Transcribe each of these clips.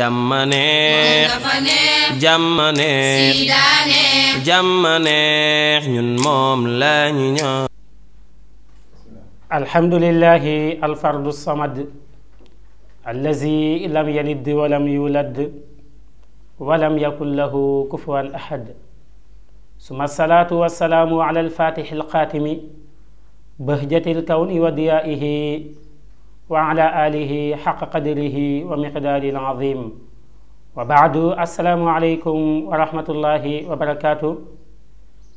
jàmmaneex jàmmaneex jàmmaneex ñun moom lañu ñaan alhamdulillahi alfardu samad allazi lam yalid walam yulad walam yakun lahu kufuwan ahad suma salaatu wassalaamu ala alfaatixi alxaatimi bahjati alkawni wa diyaa'ihi wa ala alihi xaqa qadrihi wa miqdaari al-azim wa baadu assalaamu aleykum wa rahmatullahi wa barakaatu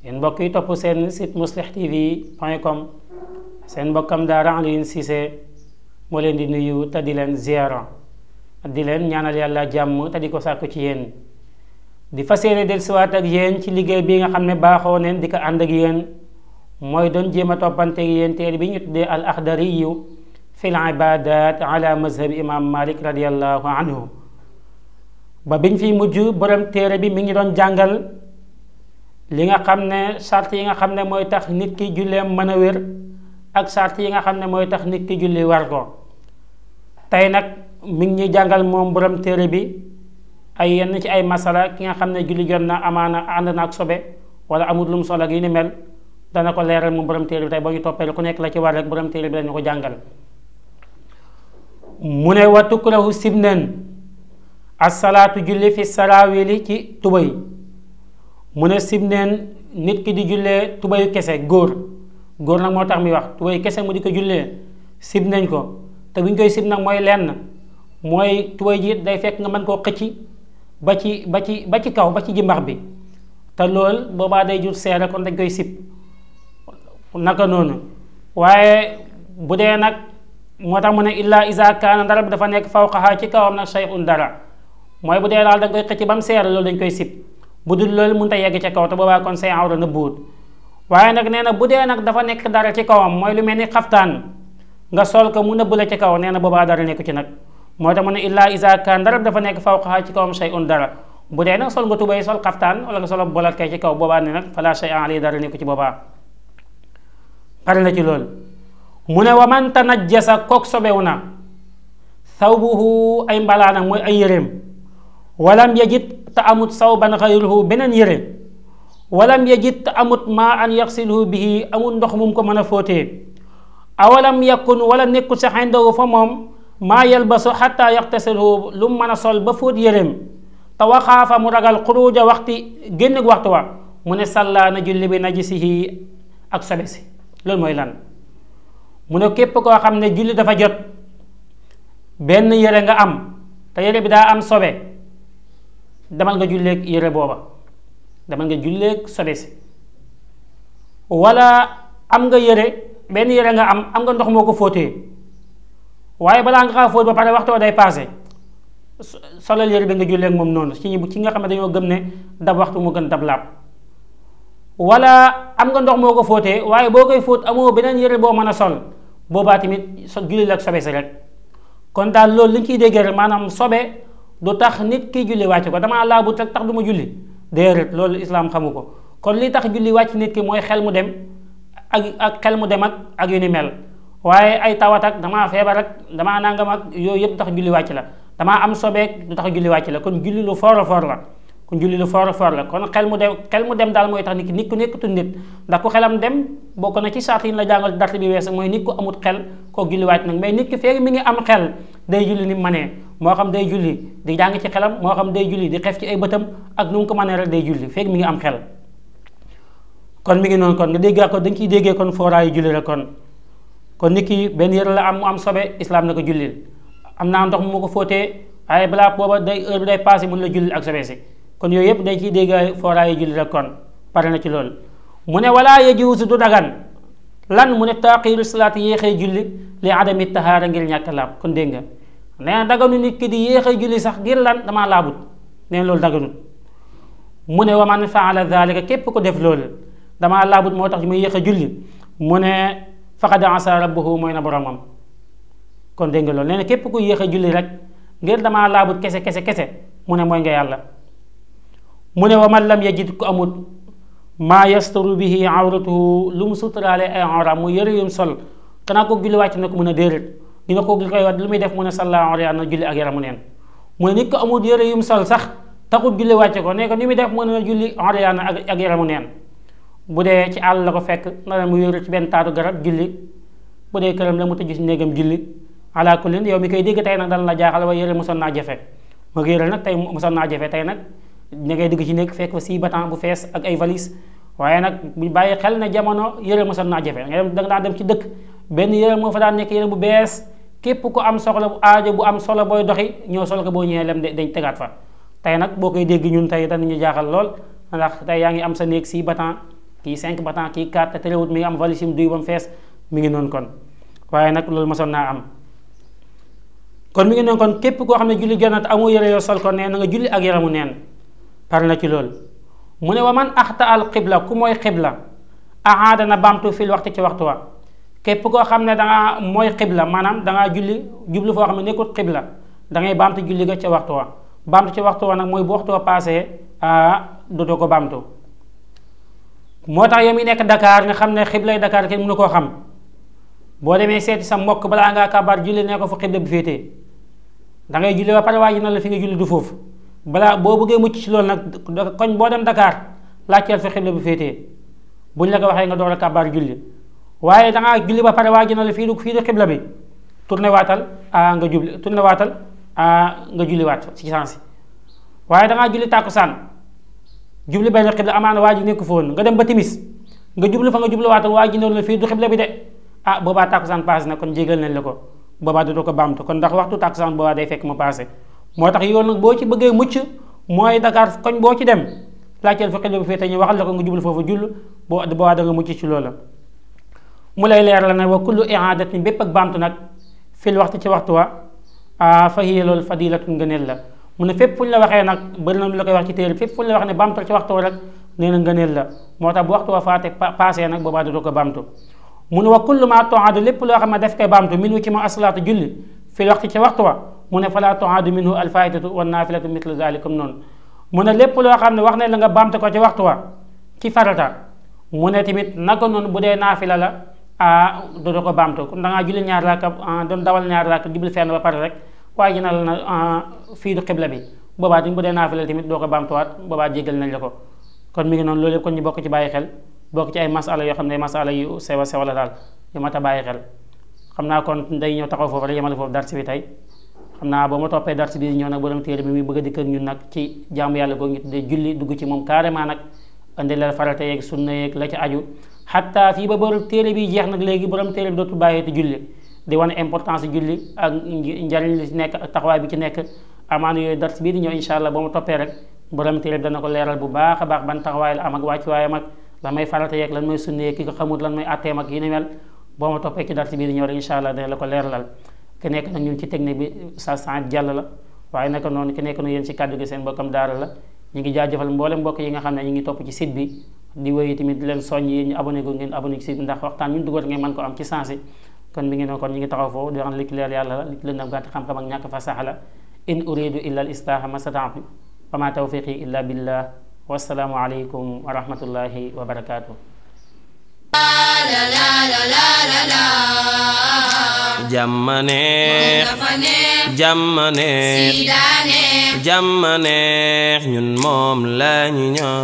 yéen mbokk yi topp seen site mouslih tv point com seen mbokkam daara Alioune Cissé moo leen di nuyu te di leen ziara di leen ñaanal yàlla jàmm te di ko sàkk ci yéen di fas yéene dellusiwaat ak yéen ci liggéey bi nga xam ne baaxoo neen di ko ànd ak yéen mooy doon jéem a toppante ak yéen bi ñu tuddee al axdari fi l ibadat ala mazhabi imam malik radiallahu anhu ba biñ fi mujj borom téere bi mi ngi doon jàngal li nga xam ne sart yi nga xam ne mooy tax nit ki julleem mën a wér ak sart yi nga xam ne mooy tax nit ki julli war ko tey nag mi ngi ñuy jàngal moom borom téere bi ay yenn ci ay masala ki nga xam ne julli jot na amaana ànd na ak sobe wala amul lu mu sol ak yu ni mel dana ko leeral moom borom téere bi tey boo ñu toppee ku nekk la ci war rek borom téere bi dañu ko jàngal mu ne wa tukrahu sib neen asalaatu julli fi saraawili ci tubéy mu ne sib nit ki di jullee tubéyu kese góor góor nag moo tax muy wax tubayu kese mu di ko jullee sib nañ ko te bu ñu koy sib nag mooy lenn mooy tubay ji day fekk nga mën koo xëcc ba ci ba ci ba ci kaw ba ci jimbax bi te lool boobaa day jur seere kon dañ koy sib naka noonu waaye bu dee nag moo tax mu ne illaa isa kaana ndara bi dafa nekk faw fawqaha ci kawam nag shay'un dara mooy bu dee daal da koy xëcc ba seer loolu dañ koy sib bu dul loolu mënut a yegg ca kaw te boobaa kon say awra nëbbuwut waaye nag nee na bu dee nag dafa nekk dara ci kawam mooy lu mel ni xaftaan nga sol ko mu nëbbu la ci kaw nee na boobaa dara nekku ci nag moo tax mu ne illaa isa kaana ndara bi dafa nekk fawqaha ci kawam shay'un bu dee nag sol nga tubay sol xaftaan wala nga solo bolat kay ci kaw boobaa ne nag fala shay'un alayhi dara nekku ci boobaa pare na ci lool mu ne wa man tanajjasa kook sobewu na sawbuhu ay mbalaanam mooy ay yéreem walam yajid te amut sawban xayruhu beneen yére walam yajid te amut maa an yaxsiluhu bihi amul ndox mum ko mën a fóotee awalam yakun wala nekkul sa xendawu fa moom maa yalbasu xatta yaxtasiluhu lu mën a sol ba fóot yéreem te waxaafa mu ragal xuruuja waxti génn waxtu wa mu ne sàllaa na julli bi najisihi ak sobe si loolu mooy lan mu ne képp koo xam ne julli dafa jot benn yére nga am te yére bi daa am sobe demal nga julleeg yére booba demal nga julleeg sobe si wala am nga yére benn yére nga am am nga ndox moo ko fóotee waaye balaa nga xaa fóot ba pare waxtoo day passé solal yére bi nga julleeg moom noonu ci ñi ci nga xam ne dañoo gëm ne dab waxtu mu gën dab laab wala am nga ndox moo ko fóotee waaye boo koy fóot amoo beneen yëre boo mën a sol boobaa tamit so julli la ak sobe si rek kon daal loolu li ñu ciy déggee rek maanaam sobe du tax nit kiy julli wàcc ko damaa laabu rek tax du ma julli déedéet loolu islaam xamu ko kon li tax julli wàcc nit ki mooy xel mu dem ak ak xel mu dem ak ak yu mel waaye ay tawat damaa feebar ak damaa nangam ak yooyu yëpp tax julli wàcc la damaa am sobeek du tax julli wàcc la kon julli lu foor a foor la kon julli lu foor a foor la kon xel mu dem xel mu dem daal mooy tax nit ki nit ku nekkatul nit ndax ku xelam dem bokk na ci saat yi la jàngal dart bi wees mooy nit ku amut xel koo julliwaat nag mais nit ki feegi mi ngi am xel day julli ni manee moo xam day julli di jàng ci xelam moo xam day julli di xef ci ay bëtam ak nu mu ko manee rek day julli feegi mi ngi am xel kon mi ngi noonu kon nga déggaa ko dañ ciy déggee kon fooraayu julli la kon kon nit ki benn yëre la am mu am sobe islam na ko jullil am naa ndox mu ko fóotee waaye balaa booba day heure bi day passé mun la jullil ak sobe si kon yooyu yëpp dañ ciy dégg fooraayu julli rek kon pare na ci loolu mu ne walaa yajuusu du dagan lan mu ne taaxiiru salaat yéexee julli li adami tahaara ngir ñàkk laab kon dégg nga nee na daganu nit sax ngir lan damaa laabut nee loolu daganut mu ne wa man faala dalika képp ko def loolu damaa laabut moo tax muy yéex a julli mu ne faqad asa rabbuhu na boromam kon nga loolu nee képp ku yéex a julli rek ngir damaa laabut kese kese kese mu ne mooy nga yàlla mu ne wa man lam yajid ku amul maa yastaru bihi awratuhu lu mu suturaale ay awra mu yëre yum sol kanaa ko julli wàcc na ko mën a déeréet dina ko li koy wat lu muy def mu ne salla awra na julli ak yaramu neen mu ne nit ko amul yëre yum sol sax taxul julli wàcce ko ne ko def mu ne julli awra na ak yaramu neen bu dee ci àll la ko fekk na mu yëru ci benn taatu garab julli bu dee këram la mu tëju ci néegam julli alaa kullin yow mi koy dégg tey nag dana la jaaxal wa yëre mosoon naa jafe ma ko yëre nag tey mosoon naa jafe tey nag ne ngay dugg ci nekk fekk fa si batan bu fees ak ay valise waaye nag bu bàyyi xel ne jamono yëre mosoon naa jafe nga dem da nga daan dem ci dëkk benn yëre moo fa daan nekk yëre bu bees képp ku am soxla bu aajo bu am solo booy doxi ñoo sol ko boo ñëwee lem dañ tegaat fa tey nag boo koy dégg ñun tey dañu ñu jaaxal lool ndax tey yaa ngi am sa néeg si batan kii 5 batan kii 4 te terewut mi ngi am valise yu duy ba mu fees mu ngi noonu kon waaye nag loolu mosoon naa am kon mi ngi noonu kon képp koo xam ne julli jot na te amoo yëre yoo sol ko neen na nga julli neen par na ci loolu mu ne wa man axta al xibla ku mooy xibla ahaada na baamtu fil waxtu ci waxtu wa képp koo xam ne danga mooy xibla maanaam dangaa julli jublu foo xam ne nekkul xibla dangay baamtu julli ga ca waxtu wa baamtu ci waxtu wa nag mooy bu waxtu wa paasee dootoo ko baamtu moo tax yow mi nekk dakaar nga xam ne xiblay Dakar kenn mënu koo xam boo demee seeti sa mbokk balaa ngaa kabaar julli ne ko fu xibla bi féetee dangay julli ba pare waa ji na la fi nga julli du foofu balaa boo bëggee mucc ci loolu nag koñ boo dem ndakaar Dakar laajteel fi xibla bu féetee buñ la ko waxee nga door a kàbbaar julli waaye da ngaa julli ba pare waa ji la fii du fii du xibla bi tourné waatal nga jubli tourné waatal nga julli waat ci sansi waaye da ngaa julli tàkkusaan jubli benn xibla amaana waa ji nekk foon nga dem ba timis nga jublu fa nga jublu waatal waa ji ne la fii du xibla bi de ah boobaa tàkkusaan passé na kon jégal nañ la ko boobaa dootoo ko baamtu kon ndax waxtu tàkkusaan boobaa day fekk mu passé moo tax yoon boo ci bëggee mucc mooy Dakar koñ boo ci dem laajteel fa xel bu féete ñu waxal la ko nga jublu foofu jull boo boobaa da nga mucc ci loola. mu lay leer la ne wa kullu i'adatin bépp ak baamtu nag fil waxtu ci waxtu wa fa hiya loolu fadilatun ngëneel la mu ne fépp fu ñu la waxee nag bëri na la koy wax ci téere fépp fu ñu la wax ne baamtul ci waxtu wa rek nee na ngëneel la moo tax bu waxtu wa pa passé nag boobaa dootoo ko baamtu. mu ne wa kullu ma toadu lépp loo xam ne daf koy baamtu wa ci ma asalaatu julli fil waxtu ci waxtu wa mu ne falaa tuaadu minhu alfaidatu wa naafilatu mithlu zalikum noonu mu ne lépp loo xam ne wax ne la nga baamte ko ci waxtu wa ci farata mu ne tamit naka noonu bu dee naafila la ah dootoo ko baamtu kon da ngaa julli ñaar raaka doon dawal ñaar raaka jublu fenn ba pare rek waaye na la na fii du xibla bi boobaa tamit bu dee naafila tamit doo ko baamtuwaat boobaa jégal nañ la ko kon mi ngi noonu loolu yëpp kon ñu bokk ci bàyyi xel bokk ci ay masala yoo xam ne masala yu la daal yu mat a bàyyi xam naa kon day ñëw taxaw foofu rek yemale foofu dar si bi xam naa ba ma toppee dars bi ñëw nag borom téere bi muy bëgg a dikk ak ñun nag ci jaamu yàlla googu ñu tuddee julli dugg ci moom carrément nag indi la farata yeeg sunna yeeg la ci aju xataa fii ba borom téere bi jeex nag léegi borom téere bi dootul bàyyee te julli di wane importance julli ak nekk ak taxawaay bi ci nekk amaana yooyu dars bii di ñëw incha dana ko leeral bu baax a baax ban taxawaay la am ak wàccuwaayam ak lan may farata yeeg lan may sunna yeeg ki ko xamut lan may atteem ak yi ni mel boo ma toppee ci dars bii di ñëw rek incha dana la ko leeralal ki nekk nag ñun ci technique bi sa sant jàll la waaye naka noonu ki nekk nag yéen ci kàddu gi seen mbokkam daara la ñu ngi jaajëfal mboole mbokk yi nga xam ne ñu ngi topp ci site bi di wéy tamit leen soññ yéen ñu abonné go ngeen abonné ci site bi ndax waxtaan ñun dugal ngeen mën ko am ci sensé kon mi ngi noonu kon ñu ngi taxaw foofu di wax li leer yàlla la li ci lëndam gàtt xam-xam ak ñàkk fasaxa la in uridu illa al islaaha ma stata'tu wa ma tawfiqi illa billah wassalaamu aleykum wa rahmatullahi wa barakatuh jàmmaneex jàmmaneex jàmmaneex ñun moom lañu ñaan